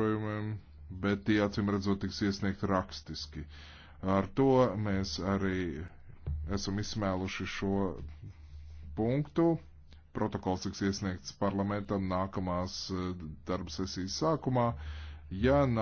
skaidrojumiem, bet tie acīm redzot tiks iesniegt rakstiski. Ar to mēs arī esam izsmēluši šo punktu. Protokols tiks iesniegts parlamentam nākamās eh, darba sesijas sākumā. Ja